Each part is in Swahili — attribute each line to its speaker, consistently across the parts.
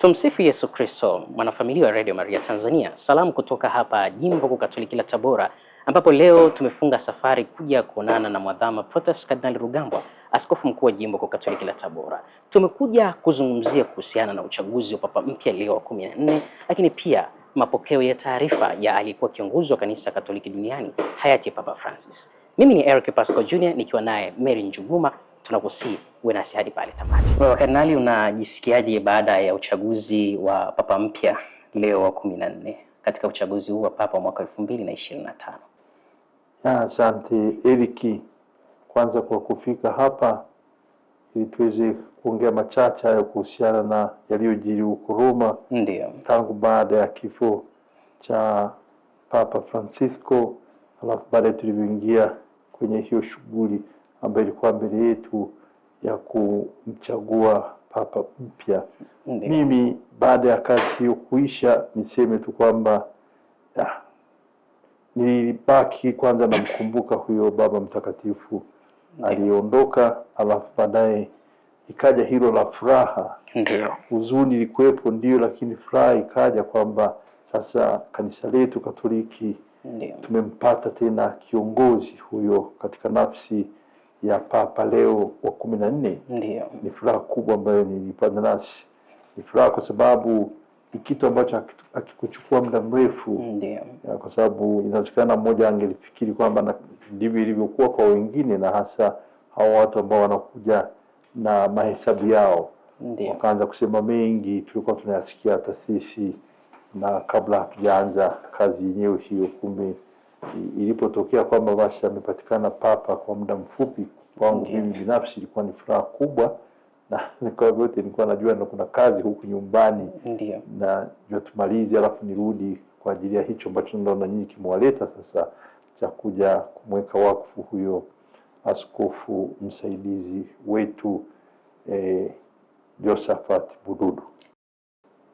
Speaker 1: Tumsifu Yesu Kristo, mwanafamilia wa Radio Maria Tanzania. Salamu kutoka hapa Jimbo Kuu Katoliki la Tabora, ambapo leo tumefunga safari kuja kuonana na Mwadhama Protas Kardinali Rugambwa, askofu mkuu wa Jimbo Kuu Katoliki la Tabora. Tumekuja kuzungumzia kuhusiana na uchaguzi wa Papa mpya Leo wa kumi na nne, lakini pia mapokeo ya taarifa ya aliyekuwa kiongozi wa kanisa Katoliki duniani hayati Papa Francis. Mimi ni Eric Pascal Jr nikiwa naye Mary Njuguma tunakusii uwe nasi hadi pale tamati. Wewe kanali, unajisikiaje baada ya uchaguzi wa papa mpya leo wa kumi na nne katika uchaguzi huu wa papa wa mwaka elfu mbili na ishirini na tano?
Speaker 2: Asante Eriki, kwanza kwa kufika hapa ili tuweze kuongea machache hayo kuhusiana na yaliyojiri huko Roma. Ndiyo. tangu baada ya kifo cha Papa Francisco, alafu baadaye tulivyoingia kwenye hiyo shughuli ambayo ilikuwa mbele yetu ya kumchagua papa mpya. Mimi baada ya kazi hiyo kuisha, niseme tu kwamba nilibaki kwanza namkumbuka huyo Baba Mtakatifu aliyeondoka, alafu baadaye ikaja hilo la furaha. huzuni ilikuwepo, ndio, lakini furaha ikaja kwamba sasa kanisa letu Katoliki Ndiyo. tumempata tena kiongozi huyo katika nafsi ya Papa Leo wa kumi na nne ni furaha kubwa ambayo nilipanda nasi. Ni furaha kwa sababu ni kitu ambacho hakikuchukua muda mrefu, kwa sababu inawezekana mmoja angelifikiri kwamba ndivyo ilivyokuwa kwa wengine, na hasa hawa watu ambao wanakuja na mahesabu yao Ndiyo. Wakaanza kusema mengi tulikuwa tunayasikia hata sisi, na kabla hatujaanza kazi yenyewe hiyo, kumbe ilipotokea kwamba basi amepatikana papa kwa muda mfupi, kwangu mimi binafsi ilikuwa ni furaha kubwa, na kwa vyote nilikuwa najua na kuna kazi huku nyumbani na jua tumalize, alafu nirudi kwa ajili ya hicho ambacho naona nyinyi kimwaleta sasa cha kuja kumweka wakfu huyo askofu msaidizi wetu eh, Josephat Bududu.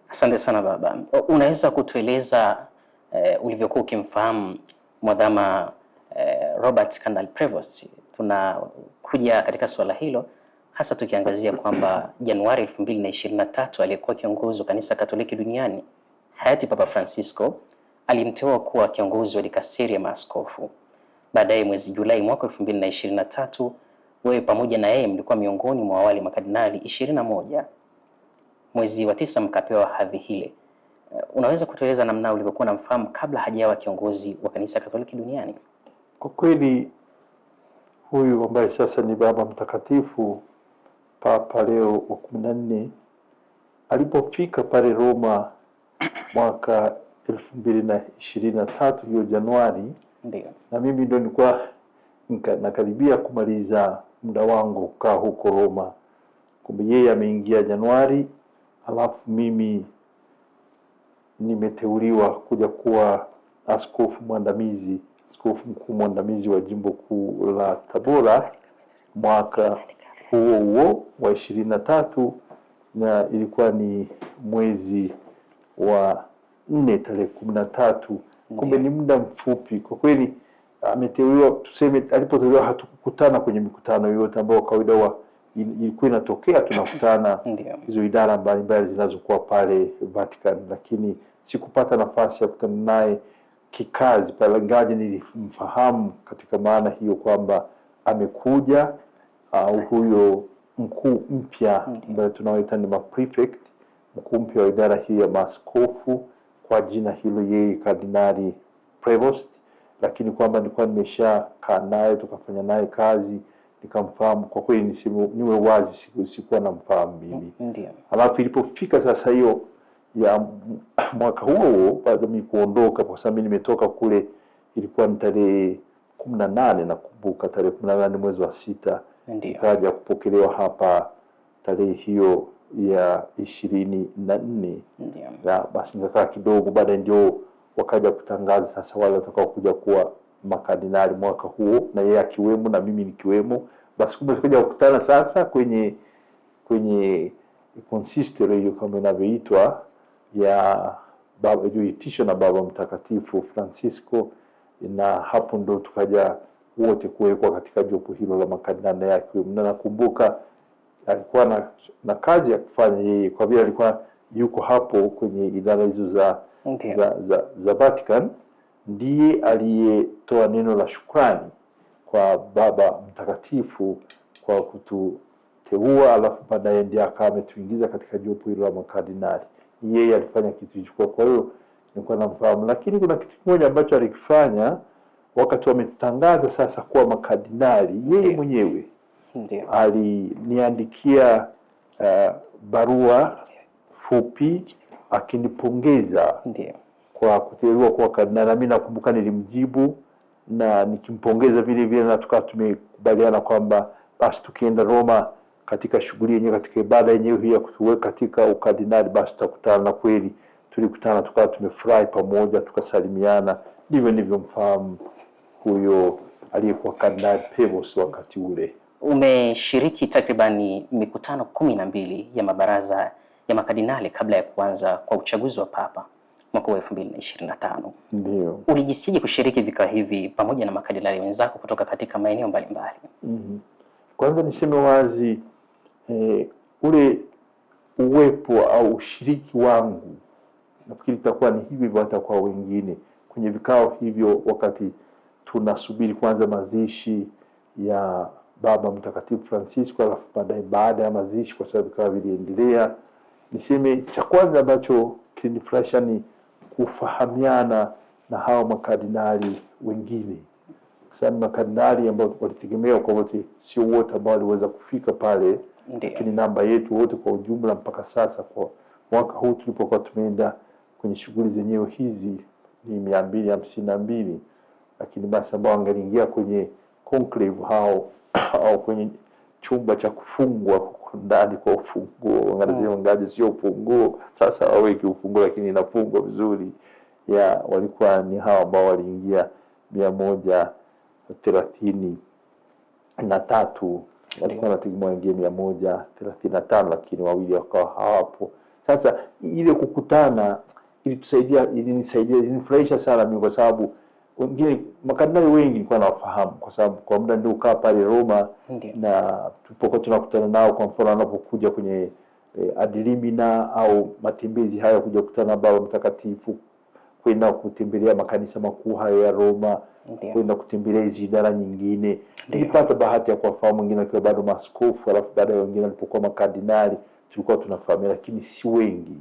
Speaker 1: Asante sana baba, unaweza kutueleza eh, ulivyokuwa ukimfahamu Mwadhama eh, Robert Kandal Prevost, tunakuja katika suala hilo hasa tukiangazia kwamba Januari elfu mbili na ishirini na tatu aliyekuwa kiongozi wa kanisa Katoliki duniani hayati Papa Francisco alimteua kuwa kiongozi wa dikasteri ya maaskofu. Baadaye mwezi Julai mwaka elfu mbili na ishirini na tatu wewe pamoja na yeye mlikuwa miongoni mwa awali makardinali ishirini na moja. Mwezi wa tisa mkapewa hadhi hile. Eh, unaweza kutueleza namna ulivyokuwa namfahamu kabla hajawa kiongozi wa kanisa Katoliki duniani?
Speaker 2: Kwa kweli huyu ambaye sasa ni Baba Mtakatifu Papa Leo wa kumi na nne alipofika pale Roma mwaka elfu mbili na ishirini na tatu hiyo Januari, ndiyo na mimi ndo nilikuwa nakaribia kumaliza muda wangu kukaa huko Roma, kumbe yeye ameingia Januari, alafu mimi nimeteuliwa kuja kuwa askofu mwandamizi, askofu mkuu mwandamizi wa jimbo kuu la Tabora mwaka huo huo wa ishirini na tatu na ilikuwa ni mwezi wa nne tarehe kumi na tatu. Kumbe ni muda mfupi kwa kweli ameteuliwa. Tuseme alipoteuliwa hatukukutana kwenye mikutano yoyote ambayo kawaida ilikuwa inatokea, tunakutana hizo idara mbalimbali zinazokuwa pale Vatican, lakini sikupata nafasi ya kukutana naye kikazi pale, ingawaje nilimfahamu katika maana hiyo kwamba amekuja au uh, huyo mkuu mpya ambaye tunaoita ni maprefect, mkuu mpya wa idara hii ya maaskofu kwa jina hilo, yeye Kardinali Prevost, lakini kwamba nilikuwa nimeshakaa naye tukafanya naye kazi nikamfahamu kwa kweli, niseme niwe wazi, sikuwa namfahamu mimi. Mm, ndio. Alafu ilipofika sasa hiyo ya mwaka huo huo baada mimi kuondoka, kwa sababu mimi nimetoka kule, ilikuwa ni tarehe kumi na nane nakumbuka, tarehe kumi na nane mwezi wa sita nikaja kupokelewa hapa tarehe hiyo ya ishirini na nne basi nikakaa kidogo, baadaye ndio wakaja kutangaza sasa wale watakao kuja kuwa makardinali mwaka huo, na yeye akiwemo na mimi nikiwemo. Basi kumbe tukaja kukutana sasa kwenye kwenye konsistori hiyo kama inavyoitwa ya baba iliyoitishwa na Baba Mtakatifu Francisco, na hapo ndo tukaja wote kuwekwa katika jopo hilo la makardinali yake. Na nakumbuka alikuwa na, na kazi ya kufanya yeye, kwa vile alikuwa yuko hapo kwenye idara hizo za, za, za, za Vatican ndiye aliyetoa neno la shukrani kwa Baba Mtakatifu kwa kututeua, alafu baadaye ndiye akawa ametuingiza katika jopo hilo la makardinali. Yeye alifanya kitu hicho, kwa hiyo nilikuwa namfahamu, lakini kuna kitu kimoja ambacho alikifanya wakati wametangaza sasa kuwa makardinali, yeye mwenyewe aliniandikia uh, barua fupi akinipongeza. Ndiyo kwa kuteuliwa kuwa kardinali, na mimi nakumbuka nilimjibu na nikimpongeza vile vile, na tukawa tumekubaliana kwamba basi tukienda Roma katika shughuli yenyewe katika ibada yenyewe hii ya kutuweka katika ukardinali, basi tutakutana. Na kweli tulikutana, tukawa tumefurahi pamoja, tukasalimiana. Ndivyo nilivyomfahamu huyo aliyekuwa kardinali Pevos wakati ule.
Speaker 1: Umeshiriki takribani mikutano kumi na mbili ya mabaraza ya makardinali kabla ya kuanza kwa uchaguzi wa papa mwaka wa 2025. Ndio. Ulijisiaje kushiriki vikao hivi pamoja na makadinali wenzako kutoka katika maeneo mbalimbali?
Speaker 2: mm -hmm. Kwanza niseme wazi eh, ule uwepo au ushiriki wangu nafikiri itakuwa ni hivi hivyo hata kwa wengine kwenye vikao hivyo, wakati tunasubiri kwanza mazishi ya Baba Mtakatifu Francisco, alafu baadaye baada ya mazishi, kwa sababu vikao viliendelea, niseme cha kwanza ambacho kilinifurahisha ni kufahamiana na hawa makardinali wengine, sana, makardinali ambao walitegemewa kwa wote, sio wote ambao waliweza kufika pale, lakini namba yetu wote kwa ujumla mpaka sasa kwa mwaka huu tulipokuwa tumeenda kwenye shughuli zenyewe hizi ni mia mbili hamsini na mbili, lakini basi ambao wangaliingia kwenye conclave hao au kwenye chumba cha kufungwa ndani kwa ufunguo mm. ngazi sio ufunguo sasa waweki ufunguo lakini inafungwa vizuri ya walikuwa ni hawa ambao waliingia mia moja thelathini na tatu walikuwa wanategemea waingie mia moja thelathini na tano lakini wawili wakawa hawapo sasa ile kukutana ilitusaidia ilinisaidia ilinifurahisha sana kwa sababu wengine makardinali wengi nilikuwa nawafahamu kwa sababu kwa muda ndio ukaa pale Roma. Ndiye. na tupokuwa tunakutana nao, kwa mfano wanapokuja kwenye e, eh, adilimina au matembezi haya kuja kukutana na Baba Mtakatifu, kwenda kutembelea makanisa makuu hayo ya Roma, kwenda kutembelea hizi idara nyingine. Nilipata bahati ya kuwafahamu wengine wakiwa bado maaskofu, alafu baadaye wengine walipokuwa makardinali tulikuwa tunafahamia, lakini si wengi.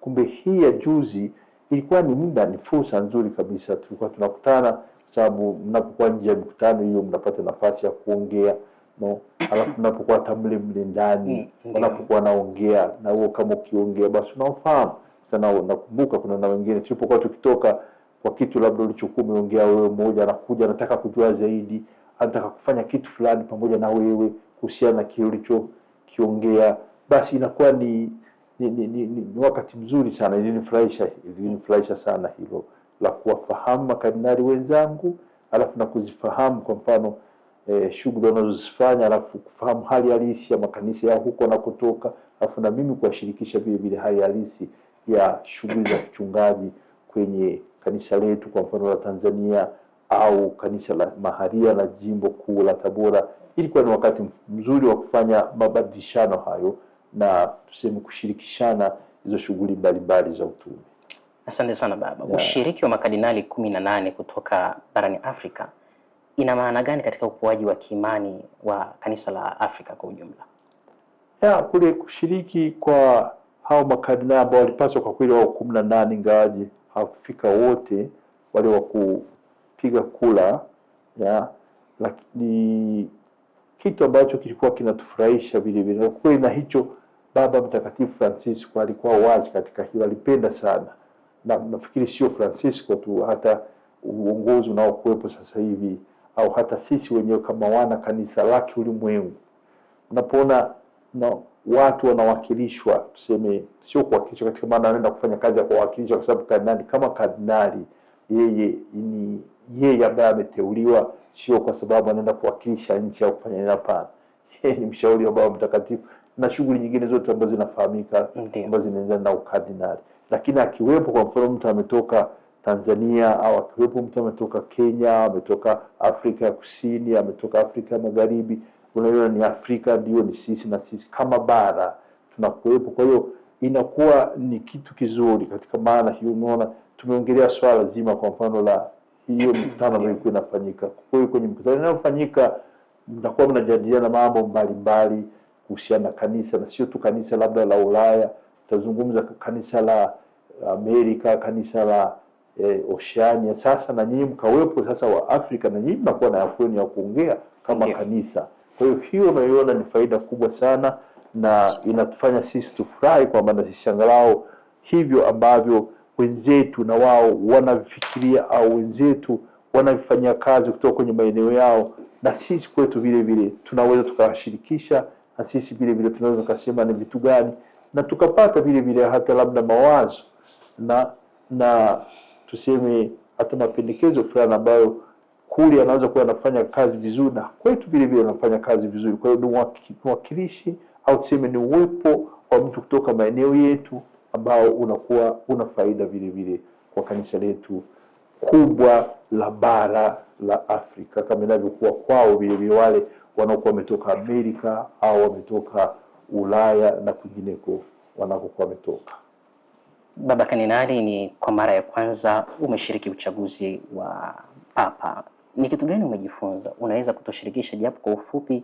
Speaker 2: Kumbe hii ya juzi ilikuwa ni muda, ni fursa nzuri kabisa. Tulikuwa tunakutana sababu mnapokuwa nje ya mkutano hiyo mnapata nafasi ya kuongea no, alafu mnapokuwa tamle mle ndani mm, mm. wanapokuwa naongea na huo, kama ukiongea basi unaofahamu sana. Nakumbuka kuna na wengine tulipokuwa tukitoka kwa kitu labda ulichokuwa umeongea wewe, mmoja anakuja anataka kujua zaidi, anataka kufanya kitu fulani pamoja na wewe kuhusiana na kile ulichokiongea, basi inakuwa ni ni, ni, ni, ni, ni wakati mzuri sana, ilinifurahisha ilinifurahisha sana hilo la kuwafahamu makardinali wenzangu, alafu na kuzifahamu kwa mfano eh, shughuli wanazozifanya, alafu kufahamu hali halisi ya makanisa ya huko na kutoka, alafu na mimi kuwashirikisha vile vile hali halisi ya shughuli za kichungaji kwenye kanisa letu kwa mfano la Tanzania au kanisa la maharia la jimbo kuu la Tabora. Ilikuwa ni wakati mzuri wa kufanya mabadilishano hayo na tuseme kushirikishana hizo shughuli mbalimbali za utume.
Speaker 1: Asante sana baba yeah. Ushiriki wa makadinali kumi na nane kutoka barani Afrika ina maana gani katika ukuaji wa kiimani wa kanisa la Afrika kwa ujumla?
Speaker 2: Yeah, kule kushiriki kwa hao makadinali ambao walipaswa kwa kweli wao kumi na nane ingawaje hawakufika wote wale wa kupiga kula ya, lakini kitu ambacho kilikuwa kinatufurahisha vile vile kweli, na hicho Baba Mtakatifu Francisco alikuwa wazi katika hilo, alipenda sana na nafikiri sio Francisco tu, hata uongozi unaokuwepo sasa hivi au hata sisi wenyewe kama wana kanisa lake ulimwengu, unapoona no, watu wanawakilishwa, tuseme sio kuwakilishwa katika maana anaenda kufanya kazi ya kuwakilisha, kwa sababu kardinali kama kardinali yeye ni yeye ambaye ameteuliwa, sio kwa sababu anaenda kuwakilisha nchi au kufanya, hapana, yeye ni mshauri wa Baba Mtakatifu na shughuli nyingine zote ambazo zinafahamika ambazo zinaendana na ukardinali. Lakini akiwepo kwa mfano mtu ametoka Tanzania au akiwepo mtu ametoka Kenya, ametoka Afrika ya Kusini, ametoka Afrika ya Magharibi, unaona ni Afrika ndio ni sisi, na sisi kama bara tunakuwepo. Kwa hiyo inakuwa ni kitu kizuri katika maana hiyo. Unaona, tumeongelea swala zima kwa mfano la hiyo mkutano ambayo ilikuwa inafanyika. Kwa hiyo kwenye mkutano inayofanyika mtakuwa mnajadiliana mambo mbalimbali mbali, kuhusiana na kanisa, na sio tu kanisa labda la Ulaya, tutazungumza kanisa la Amerika, kanisa la eh, Oceania. Sasa na nyinyi mkawepo sasa wa Afrika, na nyinyi mnakuwa na afueni ya kuongea kama yeah, kanisa. Kwa hiyo hiyo unaiona ni faida kubwa sana, na inatufanya sisi tufurahi kwamba na sisi angalau hivyo ambavyo wenzetu na wao wanavifikiria au wenzetu wanavifanyia kazi kutoka kwenye maeneo yao, na sisi kwetu vile vile tunaweza tukawashirikisha na sisi vile vile tunaweza kusema ni vitu gani, na tukapata vile vile hata labda mawazo na na tuseme hata mapendekezo fulani ambayo kule anaweza kuwa anafanya kazi vizuri na kwetu vile vile anafanya kazi vizuri. Kwa hiyo ni mwakilishi au tuseme ni uwepo wa mtu kutoka maeneo yetu ambao unakuwa una faida vile vile kwa kanisa letu kubwa la bara la Afrika kama inavyokuwa kwao vilevile wale wanaokuwa wametoka Amerika au wametoka Ulaya na kwingineko wanakokuwa wametoka.
Speaker 1: Baba Kardinali, ni kwa mara ya kwanza umeshiriki uchaguzi wa papa, ni kitu gani umejifunza? Unaweza kutushirikisha japo kwa ufupi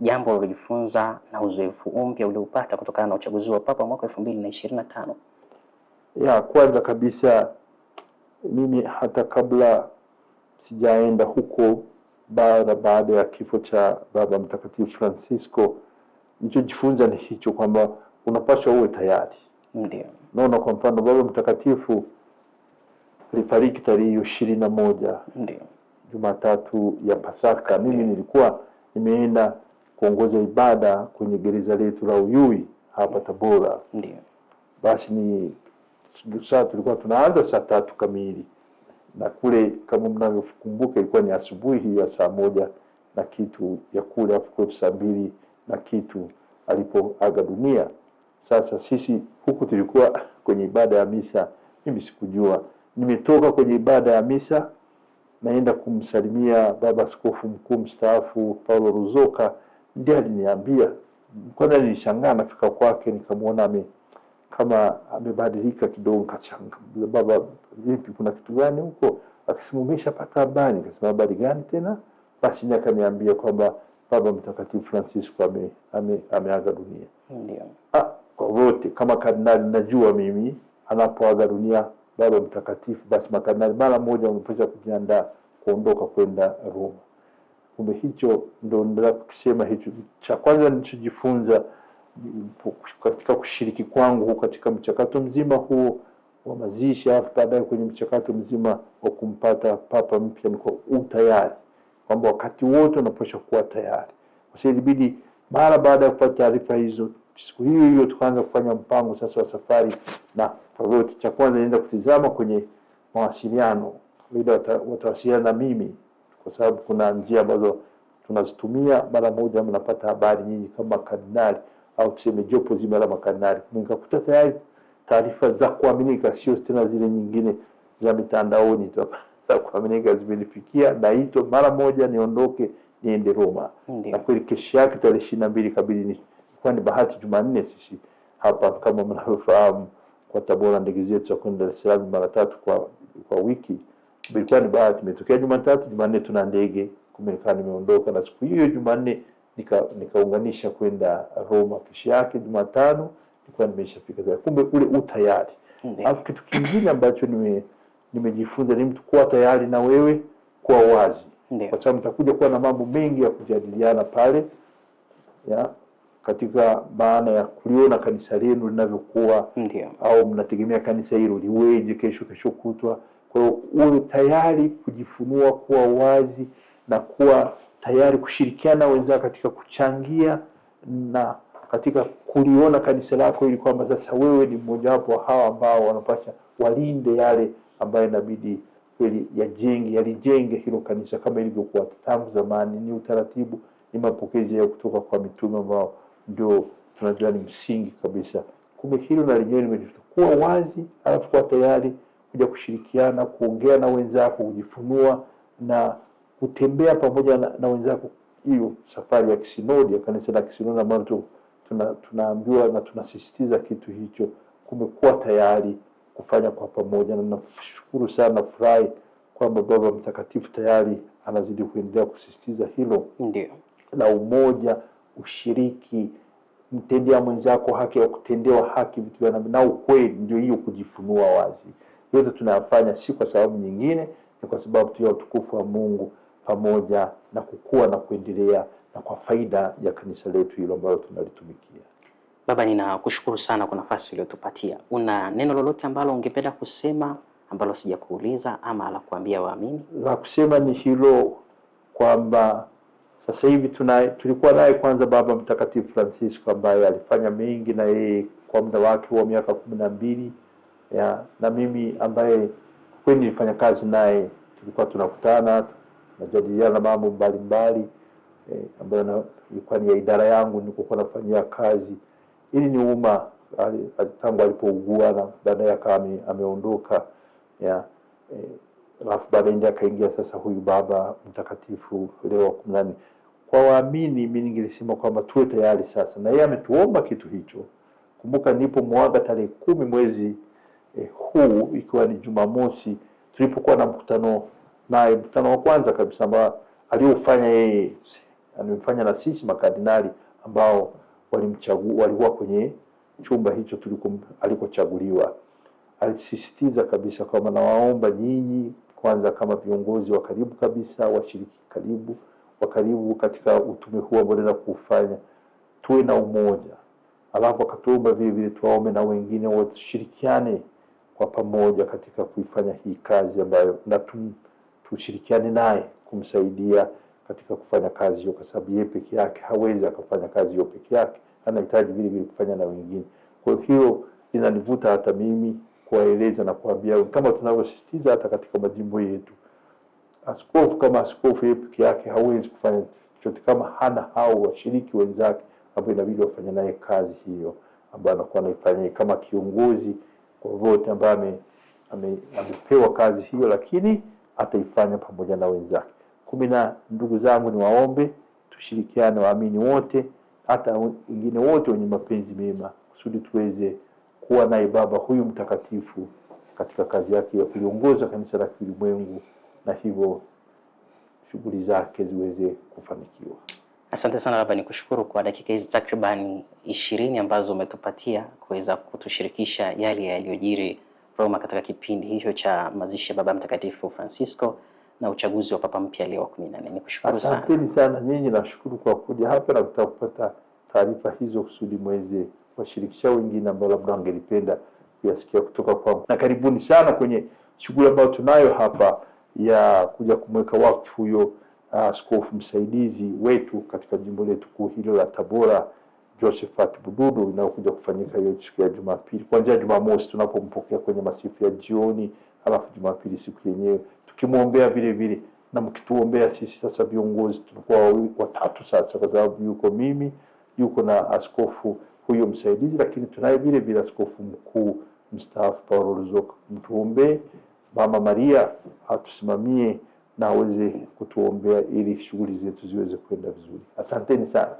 Speaker 1: jambo ulilojifunza na uzoefu mpya ulioupata kutokana na uchaguzi wa papa mwaka elfu mbili na ishirini na tano?
Speaker 2: Ya kwanza kabisa mimi hata kabla sijaenda huko bara baada ya kifo cha Baba Mtakatifu Francisco. Nilichojifunza ni hicho kwamba unapaswa uwe tayari. Ndio naona kwa mfano Baba Mtakatifu alifariki tarehe ishirini na moja Ndio. Jumatatu ya Pasaka. Mimi nilikuwa nimeenda kuongoza ibada kwenye gereza letu la Uyui hapa Tabora. Ndio. Basi ni saa tulikuwa tunaanza saa tatu kamili na kule kama mnavyokumbuka ilikuwa ni asubuhi hii ya saa moja na kitu ya kule hapo kwetu saa mbili na kitu alipoaga dunia. Sasa sisi huku tulikuwa kwenye ibada ya misa, mimi sikujua, nimetoka kwenye ibada ya misa naenda kumsalimia baba askofu mkuu mstaafu Paulo Ruzoka, ndiye aliniambia. Kwanza nilishangaa nafika kwake, nikamwona ame kama amebadilika kidogo, kachanga baba, vipi, kuna kitu gani huko? Akisema umeshapata habari. Akasema habari gani tena? Basi ndiye akaniambia kwamba Baba Mtakatifu Francisco ame, ame, ameaga dunia. Ndio. Ah, kwa wote kama kardinali najua mimi anapoaga dunia Baba Mtakatifu, basi makardinali mara moja wamepasha kujiandaa kuondoka kwenda Roma. Kumbe hicho ndo ndio kusema hicho cha kwanza nilichojifunza katika kushiriki kwangu katika mchakato mzima huo wa mazishi, alafu baadaye kwenye mchakato mzima wa kumpata papa mpya, ni utayari kwamba wakati wote unapaswa kuwa tayari. Ilibidi mara baada ya kupata taarifa hizo, siku hiyo hiyo tukaanza kufanya mpango sasa wa safari, na vyovyote, cha kwanza nienda kutizama kwenye mawasiliano, kawaida watawasiliana na mimi kwa sababu kuna njia ambazo tunazitumia. Mara moja mnapata habari nyinyi kama kardinali au tuseme jopo zima la makardinali, nikakuta tayari taarifa za kuaminika, sio tena zile nyingine za mitandaoni tu za kuaminika, zimenifikia naitwa mara moja niondoke niende Roma. Na kweli kesho yake tarehe ishirini na mbili kabili kwa ni bahati Jumanne, sisi hapa kama mnavyofahamu kwa Tabora ndege zetu za kwenda Dar es Salaam mara tatu kwa kwa wiki, ilikuwa ni bahati imetokea Jumatatu, Jumanne tuna ndege, kumekana nimeondoka, na siku hiyo Jumanne nikaunganisha nika kwenda Roma kesho yake Jumatano, nilikuwa nimeshafika zake. Kumbe ule utayari. Alafu kitu kingine ambacho nime nimejifunza ni mtu kuwa tayari na wewe kuwa wazi, kwa sababu mtakuja kuwa na mambo mengi ya kujadiliana pale ya katika maana ya kuliona kanisa lenu linavyokuwa, au mnategemea kanisa hilo liweje kesho, kesho kutwa. Kwa hiyo uwe tayari kujifunua, kuwa wazi na kuwa tayari kushirikiana wenzao katika kuchangia na katika kuliona kanisa lako, ili kwamba sasa wewe ni mmojawapo wa hawa ambao wanapasha walinde yale ambayo inabidi kweli yajenge yalijenge hilo kanisa kama ilivyokuwa tangu zamani. Ni utaratibu, ni mapokezi ya kutoka kwa mitume ambao ndio tunajua ni msingi kabisa. Kumbe hilo na lenyewe limekuwa wazi, alafu kuwa tayari kuja kushirikiana, kuongea na wenzako, kujifunua na kutembea pamoja na, na wenzako hiyo safari ya kisinodi ya kanisa la kisinodi ambayo tuna, tunaambiwa na tunasisitiza kitu hicho. Kumekuwa tayari kufanya kwa pamoja, na nashukuru sana, nafurahi kwamba Baba Mtakatifu tayari anazidi kuendelea kusisitiza hilo, ndio la umoja, ushiriki, mtendea mwenzako haki ya kutendewa haki, vitu na ukweli. Ndio hiyo kujifunua wazi. Yote tunayafanya si kwa sababu nyingine, ni kwa sababu tu ya utukufu wa Mungu pamoja na kukua na kuendelea na kwa faida ya kanisa letu hilo ambalo tunalitumikia.
Speaker 1: Baba, ninakushukuru sana kwa nafasi uliyotupatia. Una neno lolote ambalo ungependa kusema ambalo sijakuuliza ama la kuambia waamini?
Speaker 2: La kusema ni hilo kwamba sasa hivi tunaye, tulikuwa naye kwanza Baba Mtakatifu Francisco ambaye alifanya mengi na yeye kwa muda wake wa miaka kumi na mbili ya, na mimi ambaye kweli nilifanya kazi naye, tulikuwa tunakutana najadiliana mambo mbalimbali eh, ambayo ilikuwa ni ya idara yangu nilikokuwa nafanyia kazi. Ili ni umma tangu alipougua na baadaye akawa ameondoka ya eh, alafu baadaye ndiye akaingia sasa huyu Baba Mtakatifu Leo wa kumi na nne. Kwa waamini, mimi ningelisema kwamba tuwe tayari sasa, na yeye ametuomba kitu hicho. Kumbuka nipo mwaga tarehe kumi mwezi eh, huu ikiwa ni Jumamosi tulipokuwa na mkutano na mkutano wa kwanza kabisa ambao aliofanya yeye amefanya na sisi makardinali ambao walimchagua walikuwa kwenye chumba hicho tulikum, alikochaguliwa. Alisisitiza kabisa kwamba nawaomba nyinyi kwanza, kama viongozi wa karibu kabisa, washiriki karibu wa karibu katika utume huu ambao naenda kuufanya, tuwe na umoja. Alafu akatuomba vile vile tuwaombe na wengine washirikiane kwa pamoja katika kuifanya hii kazi ambayo na tushirikiane naye kumsaidia katika kufanya kazi hiyo, kwa sababu yeye peke yake hawezi akafanya kazi hiyo peke yake, anahitaji vile vile kufanya na wengine. Kwa hiyo inanivuta hata mimi kuwaeleza na kuambia, kama tunavyosisitiza hata katika majimbo yetu, askofu kama askofu, yeye peke yake hawezi kufanya chochote kama hana hao washiriki wenzake ambao inabidi wafanya naye kazi hiyo ambayo anakuwa anaifanya kama kiongozi kwa wote ambaye amepewa kazi hiyo, lakini ataifanya pamoja na wenzake. Kumi na ndugu zangu, ni waombe tushirikiane, waamini wote, hata wengine wote wenye mapenzi mema, kusudi tuweze kuwa naye baba huyu mtakatifu katika kazi yake ya kuliongoza kanisa la kiulimwengu, na hivyo shughuli zake ziweze kufanikiwa.
Speaker 1: Asante sana baba, nikushukuru kwa dakika hizi takribani ishirini ambazo umetupatia kuweza kutushirikisha yale yaliyojiri Roma katika kipindi hicho cha mazishi ya Baba Mtakatifu Francisco na uchaguzi wa Papa mpya Leo wa kumi na nne. Nikushukuru sana.
Speaker 2: Asanteni sana nyinyi, nashukuru kwa kuja hapa na kutaka kupata taarifa hizo kusudi mweze washirikisha wengine ambao labda wangelipenda kuyasikia kutoka kwangu, na karibuni sana kwenye shughuli ambayo tunayo hapa ya kuja kumweka wakfu huyo ah, askofu uh, msaidizi wetu katika jimbo letu kuu hilo la Tabora. Josephat Bududu inayokuja kufanyika hiyo siku ya Jumapili, kuanzia Jumamosi tunapompokea kwenye masifu ya jioni, alafu Jumapili siku yenyewe tukimwombea vile vile na mkituombea sisi sasa viongozi tulikuwa watatu sasa, kwa sababu yuko mimi, yuko na askofu huyo msaidizi, lakini tunaye vile vile askofu mkuu mstaafu Paulo Ruzoka. Mtuombee Mama Maria atusimamie na aweze kutuombea ili shughuli zetu ziweze kwenda vizuri. Asanteni sana.